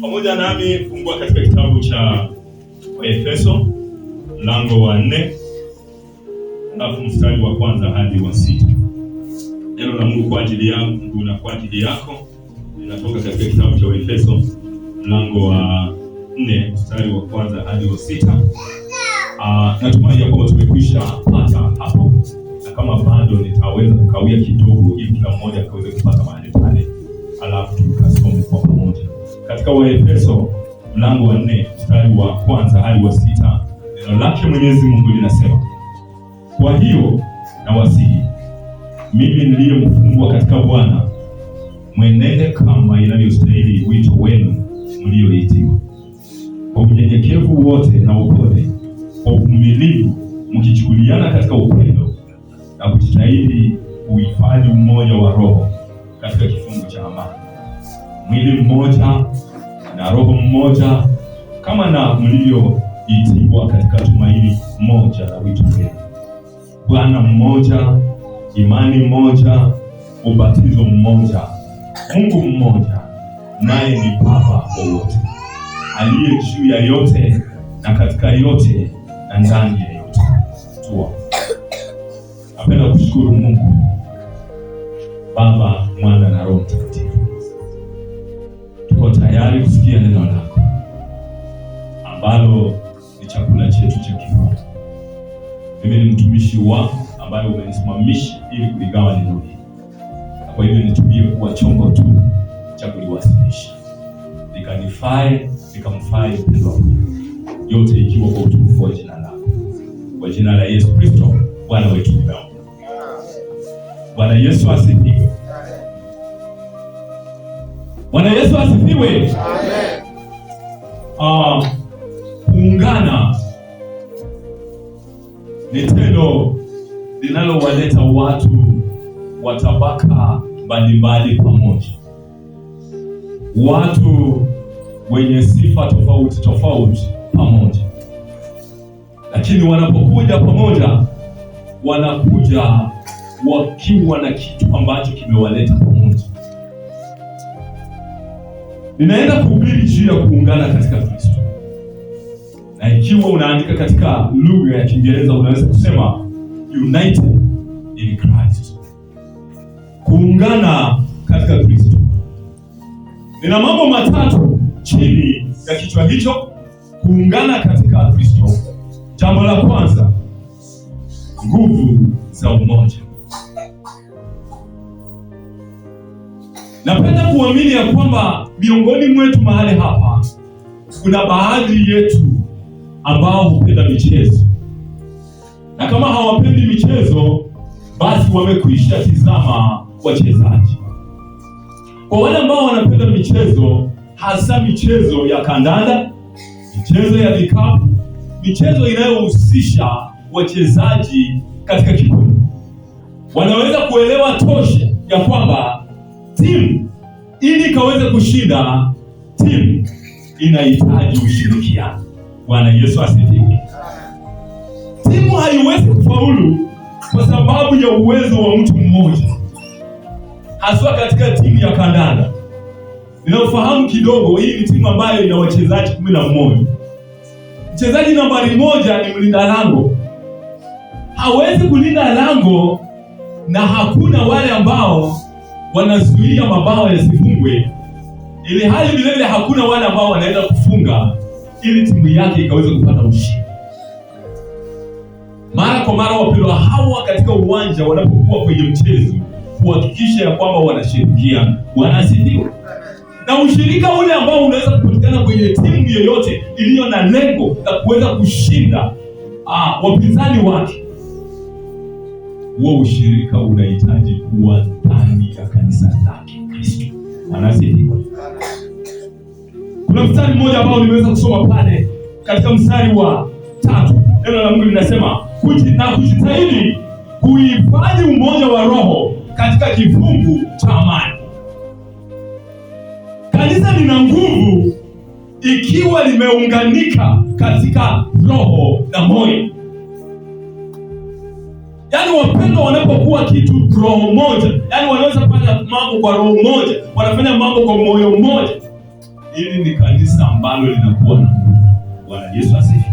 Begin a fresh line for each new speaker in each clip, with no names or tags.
Pamoja nami fungua katika kitabu cha Waefeso mlango wa nne alafu mstari wa kwanza hadi wa sita. Neno la Mungu kwa ajili yangu na kwa ajili yako linatoka katika kitabu cha Waefeso mlango wa nne mstari wa kwanza hadi wa sita. Uh, natumai ya kwamba tumekwisha pata hapo, na kama bado nitaweza kukawia kidogo, ili kila mmoja akaweze kupata mahali pale, alafu tukasome kwa katika Waefeso mlango wa nne mstari wa kwanza hadi wa sita neno lake Mwenyezi Mungu linasema, kwa hiyo na wasihi mimi niliye mfungwa katika Bwana, mwenende kama inavyostahili wito wenu mlioitiwa, kwa unyenyekevu wote na upole, kwa uvumilivu, mkichukuliana katika upendo na kujitahidi kuhifadhi umoja wa Roho katika kifungo cha mwili mmoja na roho mmoja, kama na mlivyoitiwa katika tumaini moja la wito wenu. Bwana mmoja, imani mmoja ubatizo mmoja, Mungu mmoja, naye ni Baba wa wote, aliye juu ya yote na katika yote na ndani ya yote. Tua, napenda kushukuru Mungu Baba, Mwana na Roho Mtakatifu tayari kusikia neno lako ambalo ni chakula chetu cha kiroho. Mimi ni mtumishi wako ambaye umenisimamisha ili kuligawa neno hili, na kwa hivyo nitumie kuwa chombo tu cha kuliwasilisha, nikanifae nikamfae mpendwa wangu, yote ikiwa kwa utukufu wa jina lako, kwa jina la Yesu Kristo Bwana wetu. Bwana Yesu asifiwe. Bwana Yesu asifiwe. Amen. Ah, kuungana ni tendo linalowaleta watu wa tabaka mbalimbali pamoja, watu wenye sifa tofauti tofauti pamoja, lakini wanapokuja pamoja wanakuja wakiwa na kitu ambacho kimewaleta pamoja. Ninaenda kuhubiri juu ya kuungana katika Kristo, na ikiwa unaandika katika lugha ya Kiingereza unaweza kusema united in Christ, kuungana katika Kristo. Nina mambo matatu chini ya kichwa hicho, kuungana katika Kristo. Jambo la kwanza, nguvu za umoja. Napenda kuamini ya kwamba miongoni mwetu mahali hapa kuna baadhi yetu ambao hupenda michezo, na kama hawapendi michezo, basi wamekwisha tizama wachezaji. Kwa wale ambao wanapenda michezo, hasa michezo ya kandanda, michezo ya vikapu, michezo inayohusisha wachezaji katika kikundi, wanaweza kuelewa tosha ya kwamba timu ili ikaweze kushinda, timu inahitaji ushirikiano. Bwana Yesu asifiwe. Timu haiwezi kufaulu kwa sababu ya uwezo wa mtu mmoja, haswa katika timu ya kandanda. Ninaofahamu kidogo, hii ni timu ambayo ina wachezaji kumi na mmoja. Mchezaji nambari moja ni mlinda lango, hawezi kulinda lango na hakuna wale ambao wanasubiria mabao yasifungwe, ili hali vilevile hakuna wale ambao wanaweza kufunga ili timu yake ikaweze kupata ushindi. Mara kwa mara, wapendwa, hawa katika uwanja wanapokuwa kwenye mchezo kuhakikisha ya kwamba wanashirikia wanasaidiwa na ushirika ule ambao unaweza kupatikana kwenye timu yoyote iliyo na lengo la kuweza kushinda ah, wapinzani wake huo ushirika unahitaji kuwa ndani ya kanisa lake Kristo. Anasema kuna mstari mmoja ambao nimeweza kusoma pale katika mstari wa tatu, neno la Mungu linasema na kujitahidi kuhifadhi umoja wa Roho katika kifungu cha amani. Kanisa lina nguvu ikiwa limeunganika katika roho na moyo. Yaani wapendwa wanapokuwa kitu roho moja, yaani wanaweza kufanya mambo kwa roho moja, wanafanya mambo kwa moyo mmoja. Hili ni kanisa ambalo linakuwa na nguvu. Bwana Yesu asifiwe.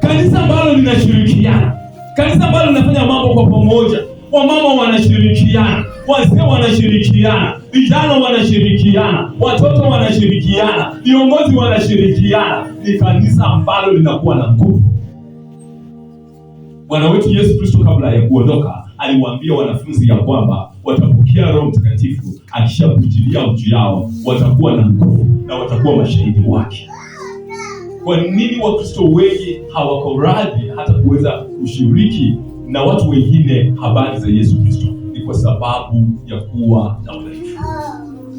Kanisa ambalo linashirikiana, kanisa ambalo linafanya mambo kwa pamoja. Wamama wanashirikiana, wazee wanashirikiana, vijana wanashirikiana, watoto wanashirikiana, viongozi wanashirikiana. Ni kanisa ambalo linakuwa na nguvu. Bwana wetu Yesu Kristo kabla ya kuondoka aliwaambia wanafunzi ya kwamba watapokea Roho Mtakatifu akishapujilia juu yao, watakuwa na nguvu na watakuwa mashahidi wake. Kwa nini Wakristo wengi hawako radhi hata kuweza kushiriki na watu wengine habari za Yesu Kristo? Ni kwa sababu ya kuwa na udhaifu,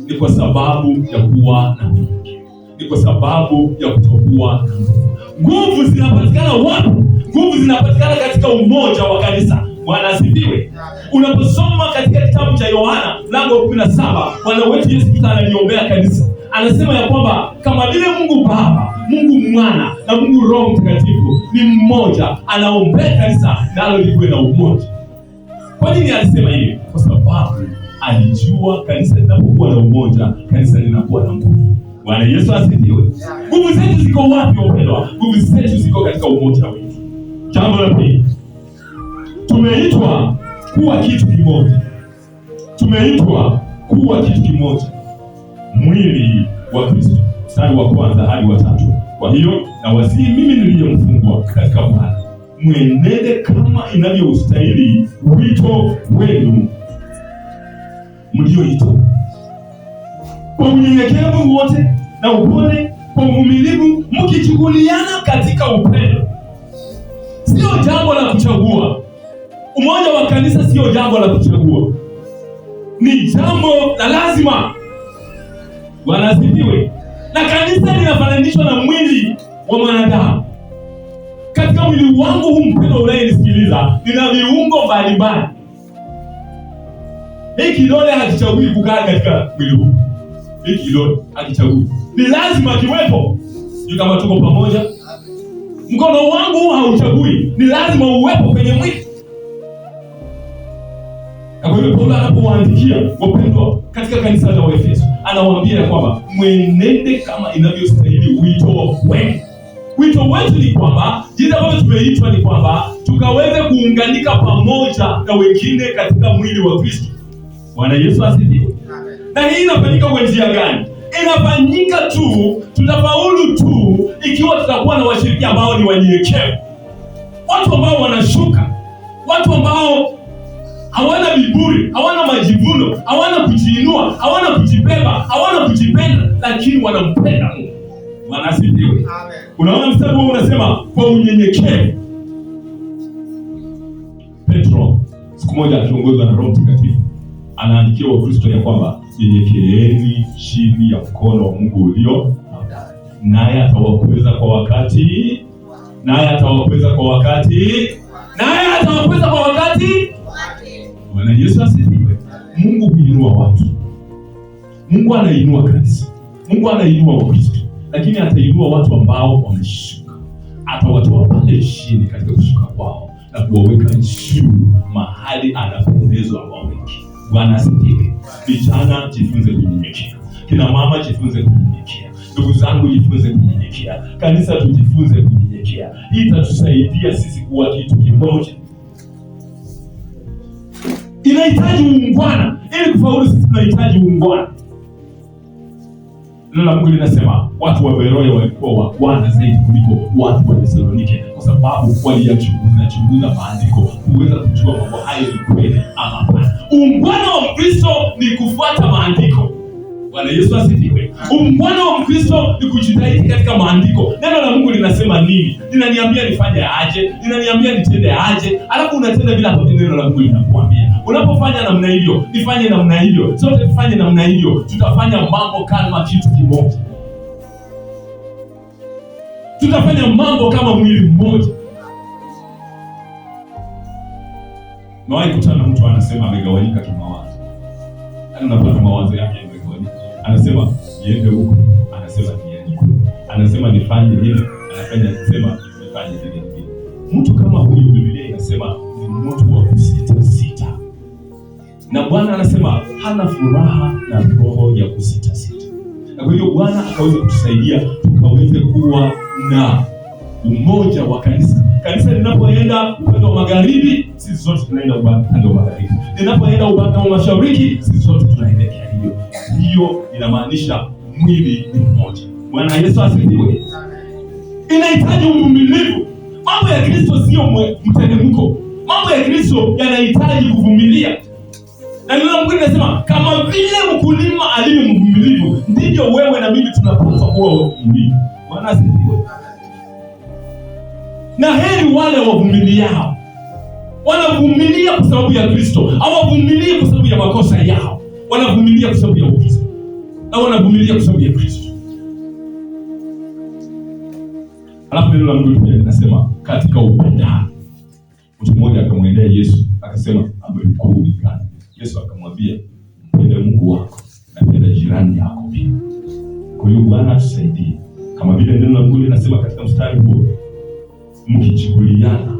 ni kwa sababu ya kuwa na nguvu, ni kwa sababu ya kutokuwa na nguvu. Nguvu zinapatikana wapi? Nguvu zinapatikana katika umoja wa kanisa. Bwana asifiwe. Unaposoma katika kitabu cha Yohana mlango wa kumi na saba Bwana wetu Yesu Kristo analiombea kanisa, anasema ya kwamba kama vile Mungu Baba, Mungu Mwana na Mungu Roho Mtakatifu ni mmoja, anaombea kanisa nalo liwe na umoja. Kwa nini alisema hivi? Kwa sababu alijua kanisa linapokuwa na umoja, kanisa linakuwa na nguvu. Bwana Yesu asifiwe. Nguvu zetu ziko wapi wapendwa? Nguvu zetu ziko katika umoja Jambo la pili, tumeitwa kuwa kitu kimoja, tumeitwa kuwa kitu kimoja, mwili wa Kristo. Mstari wa kwanza hadi wa tatu. Kwa hiyo na wasi mimi niliyemfungwa katika Bwana, mwenende kama inavyostahili wito wenu mlioitwa, kwa unyenyekevu wote na upole, kwa uvumilivu, mkichukuliana katika upendo sio jambo la kuchagua. Umoja wa kanisa sio jambo la kuchagua, ni jambo la lazima. Wanasifiwe. Na kanisa linafananishwa na mwili wa mwanadamu. Katika mwili wangu huu, mpendo unayenisikiliza, nina viungo mbalimbali. Hii kidole hakichagui kukaa katika mwili huu, hii kidole hakichagui, ni lazima kiwepo. Ni kama tuko pamoja Mkono wangu hauchagui, ni lazima uwepo kwenye mwili. Na kwa hiyo Paulo anapowaandikia wapendwa katika kanisa la Waefeso, anawaambia ya kwamba mwenende kama inavyostahili wito wenu. Wito wetu ni kwamba jinsi ambavyo tumeitwa ni kwamba tukaweze kuunganika pamoja na wengine katika mwili wa Kristo. Bwana Yesu asifiwe. Na hii inafanyika kwa njia gani? inafanyika tu, tutafaulu tu ikiwa tutakuwa na washiriki ambao ni wanyenyekevu, watu ambao wanashuka, watu ambao hawana viburi, hawana majivuno, hawana kujiinua, hawana kujibeba, hawana kujipenda, lakini wanampenda Mungu. Bwana Unaona mstari huo unasema kwa unyenyekevu. Petro siku moja akiongozwa na Roho Mtakatifu anaandikia Wakristo ya kwamba Nyenyekeeni chini ya mkono wa Mungu ulio naye atawakweza kwa wakati, naye atawakweza kwa wakati, naye atawakweza kwa wakati. Bwana Yesu asifiwe. Mungu huinua watu, Mungu anainua kanisa, Mungu anainua Wakristo, lakini atainua watu ambao wameshuka, atawatoa pale chini katika kushuka kwao na kuwaweka juu mahali anapendezwa waweke. Bwana asifiwe. Vijana jifunze kunyenyekea, kina mama jifunze kunyenyekea, ndugu zangu jifunze kunyenyekea, kanisa tujifunze kunyenyekea. Hii itatusaidia sisi kuwa kitu kimoja. Inahitaji uungwana ili kufaulu. Sisi tunahitaji uungwana. Neno la Mungu linasema watu wa Beroya walikuwa wa kwanza zaidi kuliko watu wa Thessalonike, kwa sababu waliyachunguza chunguza maandiko kuweza kujua mambo hayo ni kweli ama hapana. Ungwana wa Mkristo ni kufuata maandiko. Bwana Yesu asifiwe. Ungwana wa Mkristo ni kujitahidi katika maandiko. Neno la Mungu linasema nini? Linaniambia nifanye aje? Linaniambia nitende aje? Alafu unatenda bila hata neno la Mungu linakuambia. Unapofanya namna hiyo, nifanye namna hiyo, sote tufanye namna hiyo, tutafanya mambo kama kitu kimoja. Tutafanya mambo kama mwili mmoja. Nawahi kutana mtu anasema amegawanyika kimawazo. Yaani unapata mawazo yake anasema niende huko, anasema niende huko, anasema nifanye hivi, anafanya kusema nifanye vile vile. Mtu kama huyu, Biblia inasema ni mtu wa kusita sita, na Bwana anasema hana furaha na roho ya kusita sita, na kwa hiyo Bwana akaweza kutusaidia tukaweze kuwa na umoja wa kanisa. Kanisa linapoenda upande wa magharibi, sisi zote tunaenda upande wa magharibi, linapoenda upande wa mashariki, sisi zote tunaelekea hiyo inamaanisha mwili ni mmoja. Bwana Yesu asifiwe. Inahitaji uvumilivu. Mambo ya Kristo sio mteremko. Mambo ya Kristo yanahitaji kuvumilia. Na neno mwingine nasema kama vile mkulima alivyo mvumilivu, ndivyo wewe na mimi tunapaswa kuwa wavumilivu. Bwana asifiwe. Na heri wale wavumiliao, wanavumilia kwa sababu ya Kristo, awavumilie kwa sababu ya makosa yao wanavumilia kwa sababu ya Ukristo au wanavumilia kwa sababu ya Kristo. Alafu neno la Mungu pia linasema katika upendano. mtu mmoja akamwendea Yesu akasema, amri kuu ni gani? Yesu akamwambia, mpende Mungu wako na mpende jirani yako pia. Kwa hiyo Bwana atusaidie, kama vile neno la Mungu linasema katika mstari huo, mkichukuliana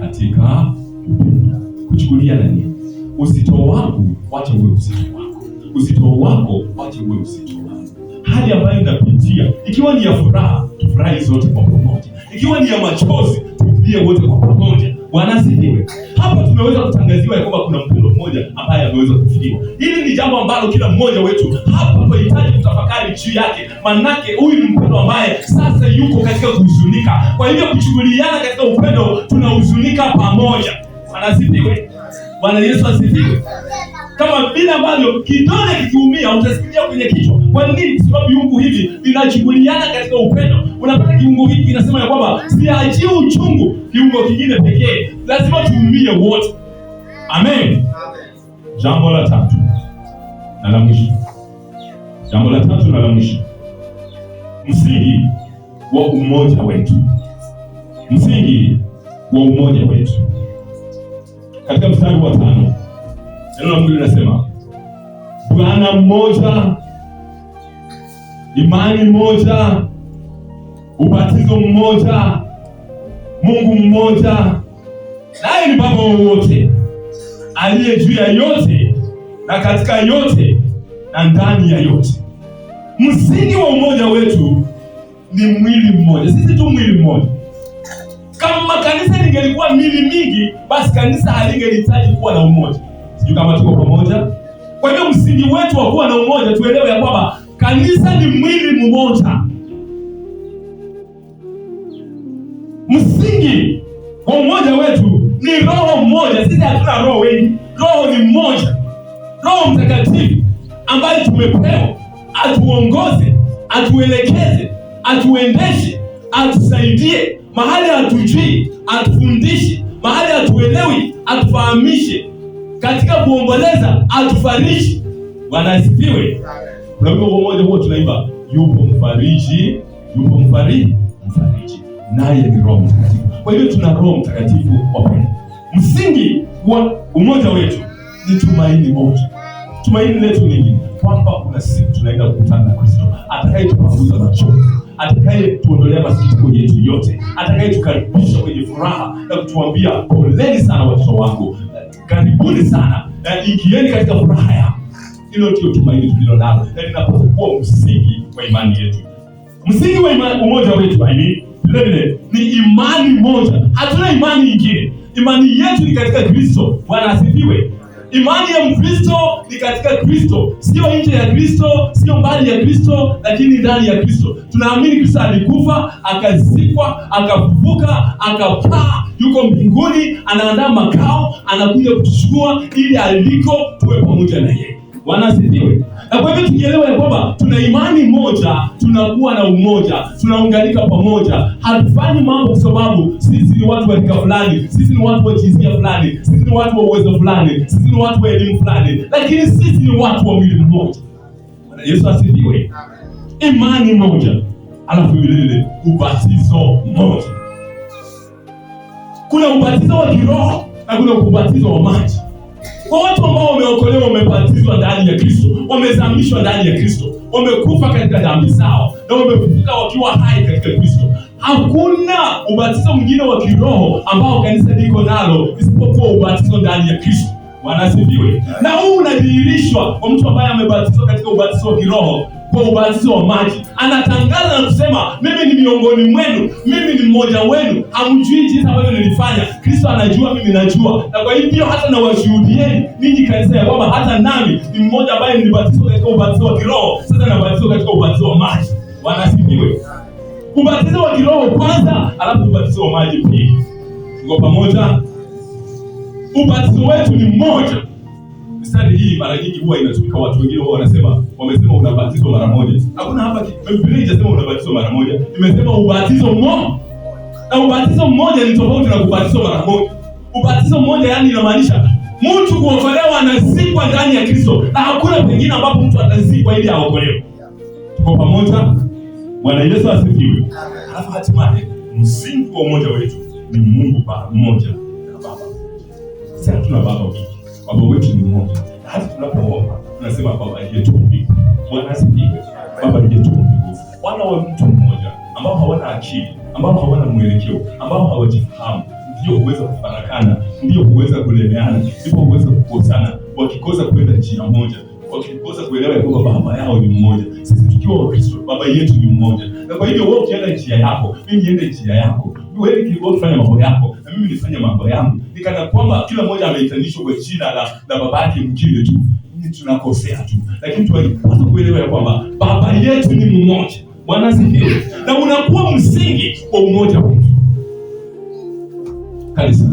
katika upenda. Kuchukuliana nini? Uzito wangu wache uwe uzito wako, uzito wako wache uwe uzito wangu. Hali ambayo inapitia, ikiwa ni ya furaha, tufurahi zote kwa pamoja, ikiwa ni ya machozi, tulie wote kwa pamoja. Bwana asifiwe. Hapa tumeweza kutangaziwa ya kwamba kuna mpendo mmoja ambaye ameweza kufikiwa. Hili ni jambo ambalo kila mmoja wetu hapa tunahitaji kutafakari juu yake, manake huyu ni mpendo ambaye sasa yuko katika kuhuzunika. Kwa hivyo kushughuliana katika upendo, tunahuzunika pamoja. Bwana asifiwe. Bwana Yesu asifiwe. Kama vile ambavyo kidole kikiumia utasikia kwenye kichwa. Kwa nini? Kwa sababu viungo hivi vinachuguliana katika upendo. Unapata kiungo hiki kinasema ya kwamba siachi uchungu kiungo kingine pekee, lazima tuumie wote. Amen, amen. Jambo la tatu na la mwisho, jambo la tatu na la mwisho, msingi wa umoja wetu, msingi wa umoja wetu katika mstari wa tano neno la Mungu linasema Bwana mmoja, imani moja, ubatizo mmoja, Mungu mmoja, naye ni Baba wote aliye juu ya yote na katika yote na ndani ya yote. Msingi wa umoja wetu ni mwili mmoja, sisi tu mwili mmoja kama makanisa lingelikuwa mili mingi, basi kanisa halingelihitaji kuwa na umoja. Sijui kama tuko pamoja. Kwa hiyo msingi wetu wa kuwa na umoja, tuelewe ya kwamba kanisa ni mwili mmoja. Msingi wa umoja wetu ni roho mmoja. Sisi hatuna roho wengi, roho ni mmoja. Roho Mtakatifu ambaye tumepewa atuongoze, atuelekeze, atuendeshe, atusaidie mahali hatujui, atufundishe mahali hatuelewi, atufahamishe katika kuomboleza, atufarishi. Bwana asifiwe. Kuna wimbo mmoja huo tunaimba, yupo mfarishi, yupo mfariji, mfarishi naye ni Roho Mtakatifu. Kwa hiyo tuna Roho Mtakatifu wapendwa. Msingi wa umoja wetu ni tumaini moja. Tumaini letu nini? Kwamba kuna siku tunaenda kukutana na Kristo atakayetupanguza machozi atakayetuondolea masikitiko yetu yote, atakayetukaribisha kwenye furaha na kutuambia poleni sana watoto wangu, karibuni sana, ingieni katika furaha ya hilo. Ndio tumaini tulilo nalo na linapaswa kuwa msingi wa imani yetu, msingi wa imani, umoja wetu aini vilevile ni imani moja, hatuna imani nyingine. Imani yetu ni katika Kristo. Bwana asifiwe. Imani ya Mkristo ni katika Kristo, sio nje ya Kristo, sio mbali ya Kristo, lakini ndani ya Kristo. Tunaamini Kristo alikufa, akazikwa, akafufuka, akapaa, yuko mbinguni, anaandaa makao, anakuja kuchukua ili aliko tuwe pamoja na yeye wanasifiwe. Na kwa hivyo tujielewe ya kwamba tuna imani moja, tunakuwa na umoja, tunaunganika pamoja. Hatufanyi mambo kwa sababu sisi ni watu wa rika fulani, sisi ni watu wa jinsia fulani, sisi ni watu wa uwezo fulani, sisi ni watu wa elimu fulani, lakini sisi ni watu wa mwili mmoja. Bwana Yesu asifiwe. Imani moja, alafu vilevile ubatizo moja. Kuna ubatizo wa kiroho na kuna ubatizo wa maji. Kwa watu ambao wameokolewa, wamebatizwa ndani ya Kristo, wamezamishwa ndani ya Kristo, wamekufa katika dhambi zao na wamefufuka wakiwa hai katika Kristo, hakuna ubatizo mwingine wa kiroho ambao kanisa liko nalo isipokuwa ubatizo ndani ya Kristo. Wanasifiwe. Na huu unadhihirishwa kwa mtu ambaye amebatizwa katika ubatizo wa kiroho kwa ubatizo wa maji. Anatangaza na kusema, mimi ni miongoni mwenu, mimi ni mmoja wenu, hamjui jinsi ambavyo nilifanya. Kristo anajua, mimi najua, na kwa hivyo hata nawashuhudieni ninyi kanisa ya kwamba hata nami ni mmoja ambaye nilibatizwa katika ubatizo wa kiroho, sasa nabatizwa katika ubatizo wa maji. Wanasifiwe. Ubatizo wa kiroho kwanza, alafu ubatizo wa maji pili. Tuko pamoja? Ubatizo wetu ni mmoja. Stadi hii mara nyingi huwa inatumika, watu wengine huwa wanasema, wamesema unabatizwa mara moja. Hakuna hapa Biblia inasema unabatizwa mara moja, imesema ubatizo mmoja, na ubatizo mmoja ni tofauti na kubatizwa mara moja. Ubatizo mmoja yani inamaanisha mtu kuokolewa anazikwa ndani ya Kristo, na hakuna pengine ambapo mtu atazikwa ili aokolewe. Tuko pamoja? Bwana Yesu asifiwe. Alafu hatimaye msingi wa umoja wetu ni Mungu pamoja na Baba. Sasa tuna baba wawili Baba wetu ni mmoja, hata tunapoomba tunasema Baba yetu mbinguni, Mwana asifiwe, Baba yetu mbinguni. Wana wa mtu mmoja ambao hawana akili, ambao hawana mwelekeo, ambao hawajifahamu, ndio huweza kufarakana, ndio huweza kulemeana, ndipo huweza kukosana, wakikosa kwenda njia moja wakikosa kuelewa ya kwamba baba yao ni mmoja. Sisi tukiwa Wakristo, baba yetu ni mmoja, na kwa hivyo wewe ukienda njia yako, mimi niende njia yako, wewe kufanya mambo yako na mimi nifanye mambo yangu nikana kwamba kila mmoja ameitanishwa kwa jina la, la baba yake mjini tu. Ni tunakosea tu, lakini tunapaswa kuelewa ya kwamba baba yetu ni mmoja. Bwana asifiwe, na unakuwa msingi wa umoja wetu kanisa.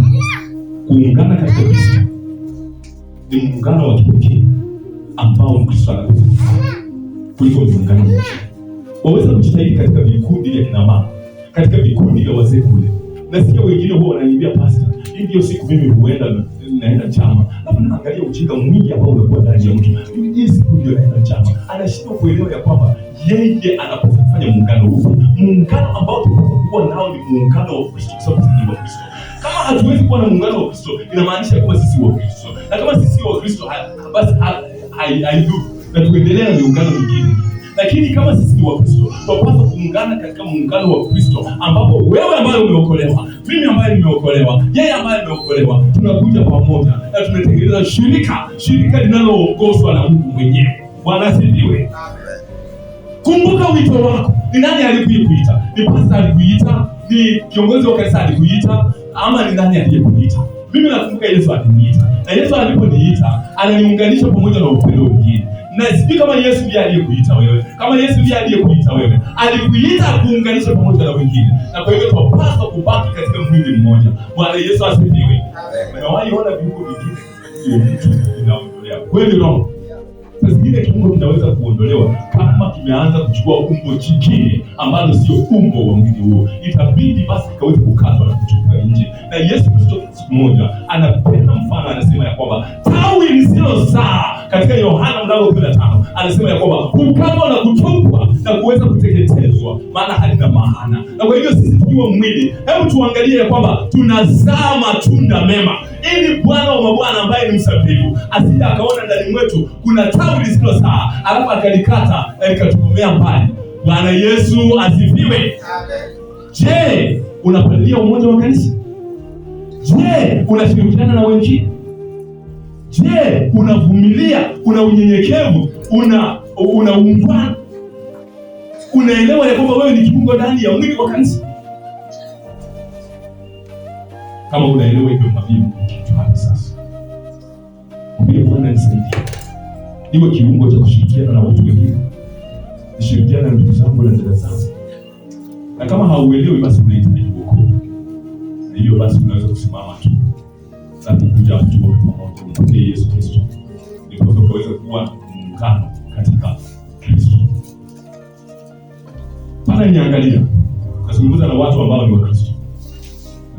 Kuungana katika Kristo ni muungano wa kipekee ambao Mkristo anakuwa kuliko muungano mwingine. Waweza kujitahidi katika vikundi vya kinamama, katika vikundi vya wazee kule. Nasikia wengine huwa wananiambia pasta, hiyo siku mimi huenda naenda chama, alafu naangalia ujinga mwingi ambao unakuwa ndani ya mtu. Mimi Hiyo siku ndio naenda chama, anashindwa kuelewa ya kwamba yeye anapofanya muungano huu, muungano ambao tunakuwa nao ni muungano wa Kristo, kwa sababu sisi ni wa Kristo. Kama hatuwezi kuwa na muungano wa Kristo, inamaanisha kuwa sisi wa Kristo, na kama sisi wa Kristo basi haidu na tuendelea na miungano mingine lakini kama sisi ni Wakristo tunapaswa kuungana katika muungano wa Kristo ambapo wewe ambaye umeokolewa ambaye limeokolewa, yeye ambaye limeokolewa, tunakuja pamoja na tumetengeneza shirika, shirika linaloongozwa na Mungu mwenyewe. Bwana asifiwe. Kumbuka wito wako. Ni nani aliyekuita? Ni pastor alikuita? Ni kiongozi wa kanisa alikuita? Ama ni nani aliyekuita? Mimi nakumbuka Yesu aliniita, na Yesu aliponiita ananiunganisha pamoja na upendo wengine na sijui kama Yesu ndiye aliyekuita wewe, kama Yesu ndiye aliyekuita wewe, alikuita kuunganisha pamoja na wengine, na kwa hivyo tunapaswa kubaki katika mwili mmoja. Bwana Yesu asifiwe. Na Umewahi ona viungo vingine vya mtu vinaondolewa kweli? Roho zingine kiungo kinaweza kuondolewa kama kimeanza kuchukua umbo jingine ambalo sio umbo wa mwili huo, itabidi basi kaweze kukatwa na kuchukua nje. Na Yesu Kristo siku moja anapenda mfano, anasema ya kwamba tawi lisilozaa katika Yohana mlango kumi na tano anasema ya kwamba kukamwa na kutupwa na kuweza kuteketezwa, maana halina maana. Na kwa hivyo sisi tukiwa mwili, hebu tuangalie ya kwamba tunazaa matunda mema, ili Bwana wa mabwana ambaye ni msabibu asije akaona ndani mwetu kuna tawi lisilo saa alafu akalikata na mbali. Bwana Yesu asifiwe. Je, unapalilia umoja wa kanisa? Je, unashirikiana na wengine? Je, unavumilia? Una unyenyekevu? Una unaungwana? Unaelewa ya kwamba wewe ni kiungo ndani ya mwili wa kanisa? Kama unaelewa hivyo, mwabibu hapa sasa, mwambie Bwana, nisaidie niwe kiungo cha kushirikiana na watu wengine, nishirikiana na ndugu zangu na dada zangu, na kama hauelewi basi unahitaji wokovu, na hiyo basi unaweza kusimama tu na kukuja kwa Yesu Kristo, ndipo tukaweza kuwa muungano katika Kristo. Pana niangalia, nazungumza na watu ambao ni wa Kristo.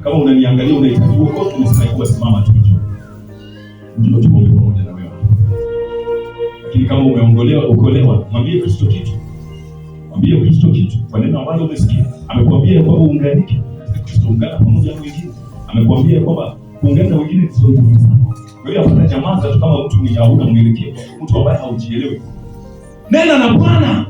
Kama unaniangalia unahitaji wako nisema kuwa simama tu juu. Ndio tuombe pamoja na wewe. Lakini kama umeongolewa, ukolewa, mwambie Kristo kitu. Mwambie Kristo kitu. Kwa neno ambalo umesikia, amekwambia kwamba uunganike. Kristo ungana pamoja na wengine. Amekwambia kwamba kuongeza wengine sio nguvu sana. Kwa hiyo hapana jamaa kama mtu mwenye hauna mwelekeo, mtu ambaye haujielewi. Nena na Bwana.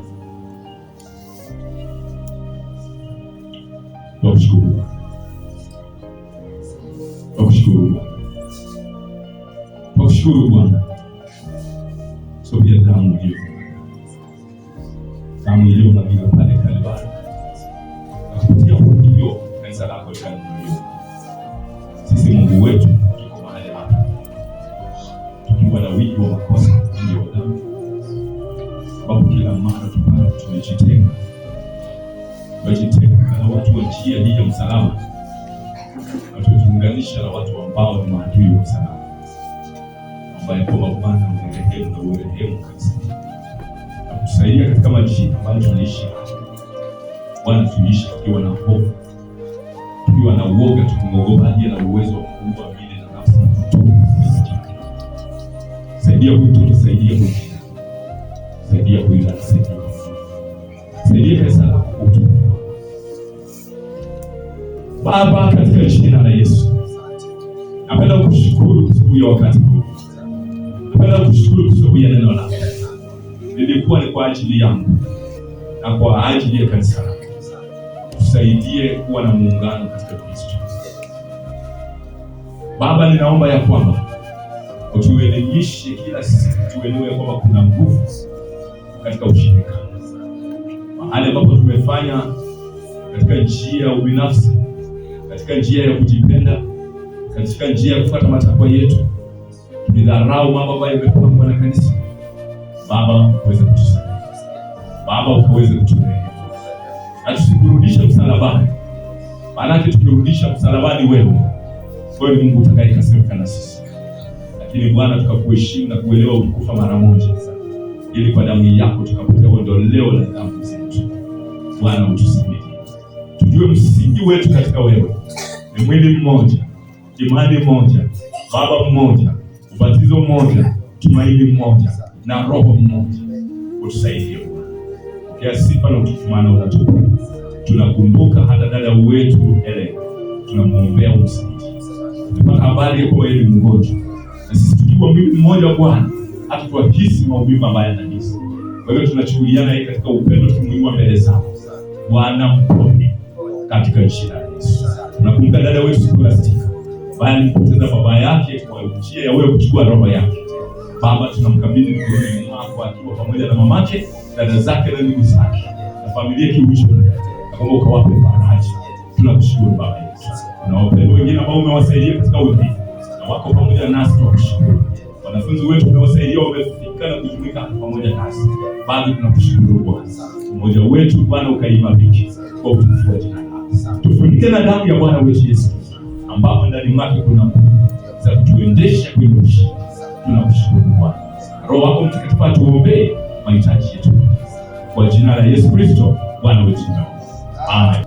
sababu kila mara tunayo tunajitenga, tunajitenga na watu wa njia hii ya msalaba, natujiunganisha na watu ambao ni maadui wa msalaba, ambaye kwamba Bwana amerehemu na urehemu kabisa na kutusaidia katika maisha ambayo tunaishi. Bwana, tuishi tukiwa na hofu, tukiwa na uoga, tukimwogopa aliye na uwezo wa kuumba mili na nafsi na kutu saidia kutu Baba, katika jina la Yesu, napenda kushukuru kwa ya wakati huu, napenda kushukuru kwa sababu ya neno lako, lilikuwa ni kwa ajili yangu na kwa ajili ya kanisa lako. Tusaidie kuwa na muungano katika Kristo. Baba, ninaomba ya kwamba utuelimishe kila siku, tuelewe kwamba kuna nguvu katika ushirika, mahali ambapo tumefanya katika njia ya ubinafsi katika njia ya kujipenda, katika njia ya kufuata matakwa yetu, tulidharau mambo ambayo yamepangwa na kanisa. Baba uweze kutusaidia, Baba ukaweze kuturehemu na tusikurudishe msalabani, maanake tukirudisha msalabani, wewe wewe Mungu utakayekasirika na sisi, lakini Bwana tukakuheshimu na kuelewa ukufa mara moja, ili kwa damu yako tukapokea ondoleo la dhambi zetu. Bwana utusaidie ndio msingi wetu katika wewe ni mwili mmoja, imani moja, Baba mmoja, ubatizo mmoja, tumaini mmoja na Roho mmoja. Utusaidie Bwana, sifa na utukufu maana unatupa. Tunakumbuka hata dada wetu ele, tunamwombea umsaidie, tupata habari kwa eli mgonjwa, na sisi tukiwa mwili mmoja Bwana hata tuwahisi maumivu ambayo anahisi. Kwa hiyo tunachukuliana katika upendo, tukimuinua mbele zako Bwana mpone katika jina la Yesu. Tunakumbuka dada wetu Scholastica baada alipoteza baba yake kwa njia ya wewe kuchukua roho yake. Baba, tunamkabidhi mkononi mwako akiwa pamoja na mamake, dada zake na ndugu zake na familia kiujumla, kama ukawape faraja. Tunakushukuru Baba Yesu, na wapendo wengine ambao umewasaidia katika wiki na wako pamoja nasi, tunakushukuru. Wanafunzi wetu umewasaidia, wamefika na kujumuika pamoja nasi, bado tunakushukuru Bwana. Mmoja wetu Bwana ukaimariki kwa utukufu wa jina tufunike na damu ya Bwana wetu Yesu, ambapo ndani mwake kuna nguvu za kutuendesha kwenye ushindi. Tunakushukuru Bwana. Roho wako Mtakatifu atuombee mahitaji yetu, kwa jina la Yesu Kristo Bwana wetu. Amen.